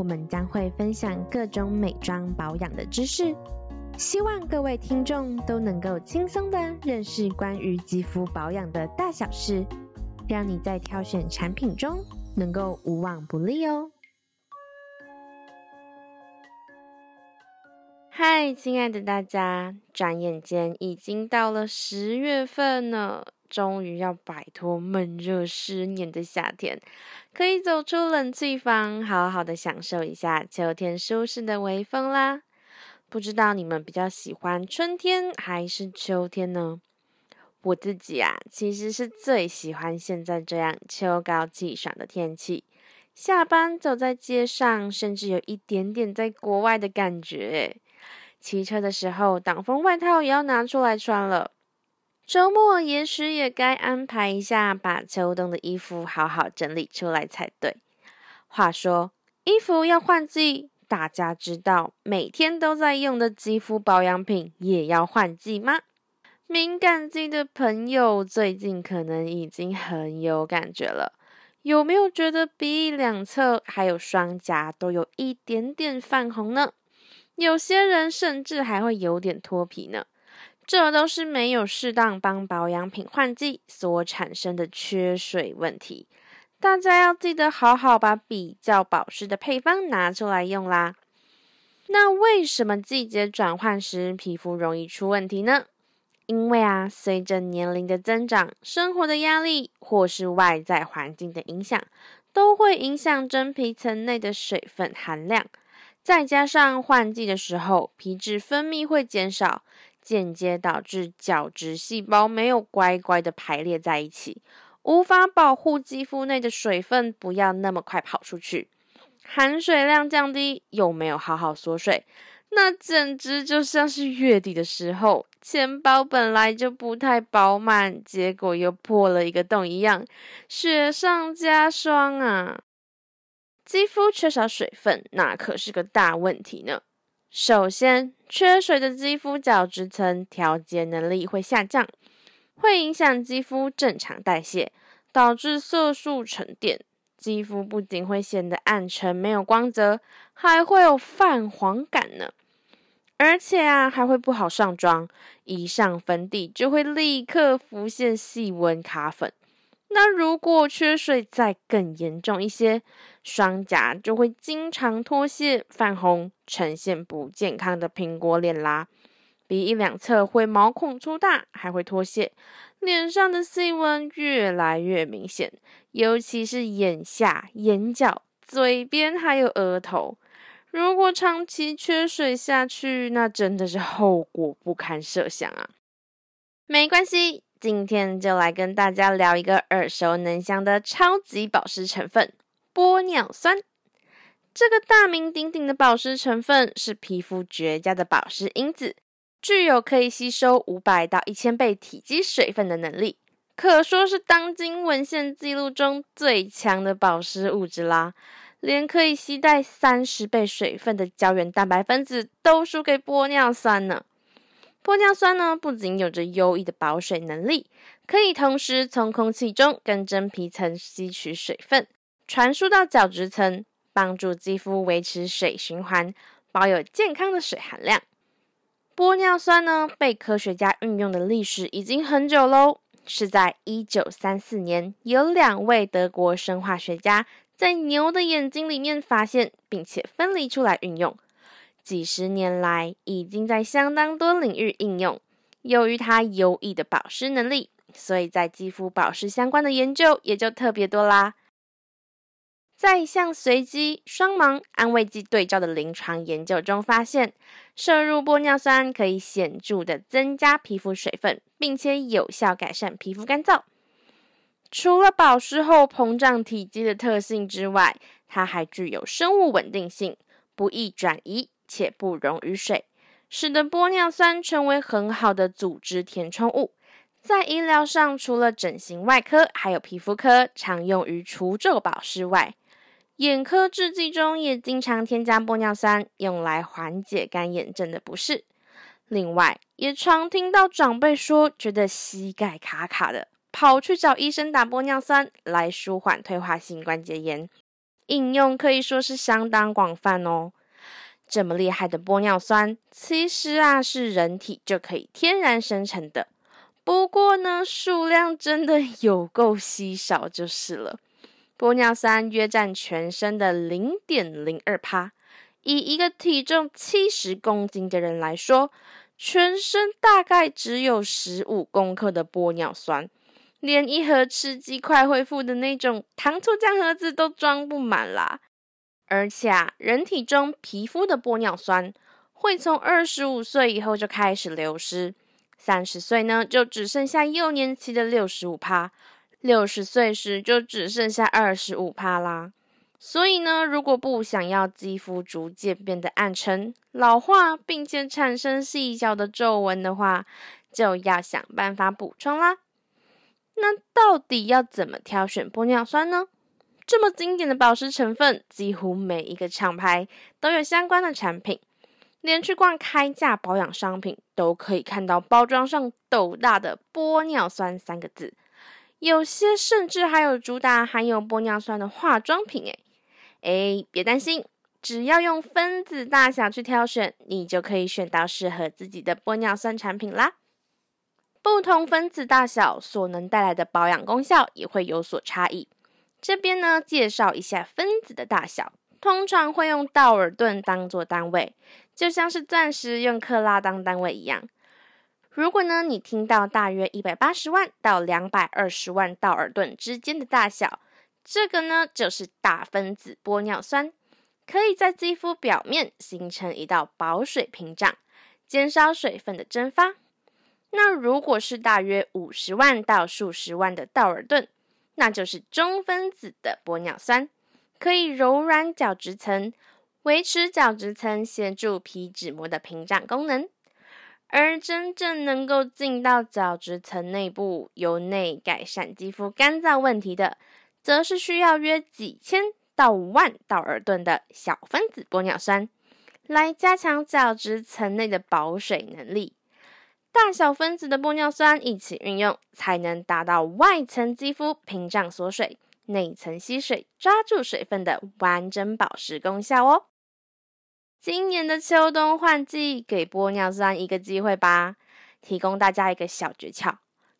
我們將會分享各種美妝保養的知識，希望各位聽眾都能夠輕鬆的認識關於肌膚保養的大小事，讓你在挑選產品中能夠無往不利哦。嗨，親愛的大家，轉眼間已經到了十月份了。終於要擺脫悶熱濕黏的夏天，可以走出冷氣房，好好的享受一下秋天舒適的微風啦！不知道你們比較喜歡春天還是秋天呢？我自己啊，其實是最喜歡現在這樣秋高氣爽的天氣。下班走在街上，甚至有一點點在國外的感覺。騎車的時候，擋風外套也要拿出來穿了。週末也許也該安排一下，把秋冬的衣服好好整理出來才對。話說，衣服要換季，大家知道每天都在用的肌膚保養品也要換季嗎？敏感肌的朋友最近可能已經很有感覺了，有沒有覺得鼻翼兩側還有雙頰都有一點點泛紅呢？有些人甚至還會有點脫皮呢。這都是沒有適當幫保養品換季所產生的缺水問題。大家要記得好好把比較保濕的配方拿出來用啦。那為什麼季節轉換時皮膚容易出問題呢？因為啊，隨着年齡的增長，生活的壓力或是外在環境的影響，都會影響真皮層內的水分含量。再加上換季的時候，皮脂分泌會減少。間接導致角質細胞沒有乖乖的排列在一起，無法保護肌膚內的水分不要那麼快跑出去，含水量降低又沒有好好鎖水，那簡直就像是月底的時候錢包本來就不太飽滿，結果又破了一個洞一樣，雪上加霜啊！肌膚缺少水分，那可是個大問題呢。首先，缺水的肌膚角質層調節能力會下降，會影響肌膚正常代謝，導致色素沉澱，肌膚不僅會顯得暗沉沒有光澤，還會有泛黃感呢。而且啊，還會不好上妝，一上粉底就會立刻浮現細紋卡粉。那如果缺水再更嚴重一些，雙頰就會經常脫屑泛紅，呈現不健康的蘋果臉啦。鼻翼兩側會毛孔粗大，還會脫屑，臉上的細紋越來越明顯，尤其是眼下、眼角、嘴邊還有額頭。如果長期缺水下去，那真的是後果不堪設想啊！沒關係。今天就來跟大家聊一個耳熟能詳的超級保濕成分——玻尿酸。這個大名鼎鼎的保濕成分是皮膚絕佳的保濕因子，具有可以吸收五百到一千倍體積水分的能力，可說是當今文獻記錄中最強的保濕物質啦。連可以攜帶三十倍水分的膠原蛋白分子都輸給玻尿酸呢。玻尿酸呢，不僅有着優異的保水能力，可以同時從空氣中跟真皮層吸取水分，傳輸到角質層，幫助肌膚維持水循環，保有健康的水含量。玻尿酸呢，被科學家運用的歷史已經很久嘍，是在一九三四年，有兩位德國生化學家在牛的眼睛裡面發現，並且分離出來運用。幾十年來，已經在相當多領域應用。由於它優異的保濕能力，所以在肌膚保濕相關的研究也就特別多啦。在一項隨機雙盲安慰劑對照的臨床研究中發現，攝入玻尿酸可以顯著的增加皮膚水分，並且有效改善皮膚乾燥。除了保濕後膨脹體積的特性之外，它還具有生物穩定性，不易轉移。且不溶於水，使得玻尿酸成為很好的組織填充物。在醫療上，除了整形外科，還有皮膚科常用於除皺保濕外，眼科製劑中也經常添加玻尿酸，用來緩解乾眼症的不適。另外，也常聽到長輩說，覺得膝蓋卡卡的，跑去找醫生打玻尿酸來舒緩退化性關節炎，應用可以說是相當廣泛哦。這麼厲害的玻尿酸，其實啊是人體就可以天然生成的，不過呢，數量真的有夠稀少就是了。玻尿酸約佔全身的零點零二趴，以一個體重七十公斤的人來說，全身大概只有十五公克的玻尿酸，連一盒吃雞塊恢復的那種糖醋醬盒子都裝不滿啦。而且啊，人體中皮膚的玻尿酸會從二十五歲以後就開始流失，三十歲呢就只剩下幼年期的六十五趴，六十歲時就只剩下二十五趴啦。所以呢，如果不想要肌膚逐漸變得暗沉、老化，並且產生細小的皺紋的話，就要想辦法補充啦。那到底要怎麼挑選玻尿酸呢？這麼經典的保濕成分，幾乎每一個廠牌都有相關的產品。連去逛開架保養商品，都可以看到包裝上斗大的“玻尿酸”三個字。有些甚至還有主打含有玻尿酸的化妝品誒。哎哎，別擔心，只要用分子大小去挑選，你就可以選到適合自己的玻尿酸產品啦。不同分子大小所能帶來的保養功效，也會有所差異。這邊呢，介紹一下分子的大小，通常會用道爾頓當做單位，就像是鑽石用克拉當單位一樣。如果呢，你聽到大約一百八十萬到兩百二十萬道爾頓之間的大小，這個呢就是大分子玻尿酸，可以在肌膚表面形成一道保水屏障，減少水分的蒸發。那如果是大約五十萬到數十萬的道爾頓。那就是中分子的玻尿酸，可以柔軟角質層，維持角質層協助皮脂膜的屏障功能。而真正能夠進到角質層內部，由內改善肌膚乾燥問題的，則是需要約幾千到五萬道爾頓的小分子玻尿酸，來加強角質層內的保水能力。大小分子的玻尿酸一起運用，才能達到外層肌膚屏障鎖水、內層吸水、抓住水分的完整保濕功效哦。今年的秋冬換季，給玻尿酸一個機會吧！提供大家一個小訣竅：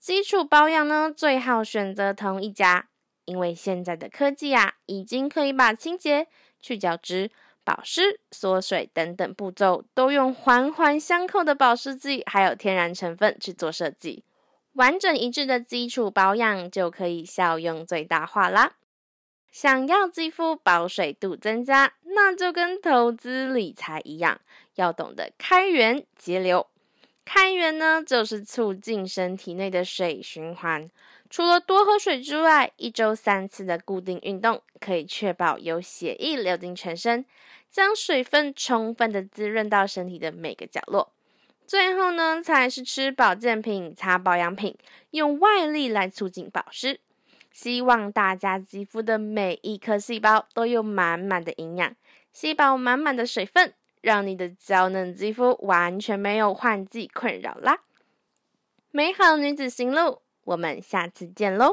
基礎保養呢，最好選擇同一家，因為現在的科技啊，已經可以把清潔、去角質，保濕、鎖水等等步驟，都用環環相扣的保濕劑，還有天然成分去做設計，完整一致的基礎保養就可以效用最大化啦。想要肌膚保水度增加，那就跟投資理財一樣，要懂得開源節流。開源呢，就是促進身體內的水循環。除了多喝水之外，一周三次的固定運動可以確保有血液流進全身，將水分充分的滋潤到身體的每個角落。最後呢，才是吃保健品、擦保養品，用外力來促進保濕。希望大家肌膚的每一顆細胞都有滿滿的營養，吸飽滿滿的水分。讓你的嬌嫩肌膚完全沒有換季困擾啦！美好女子行路，我們下次見嘍！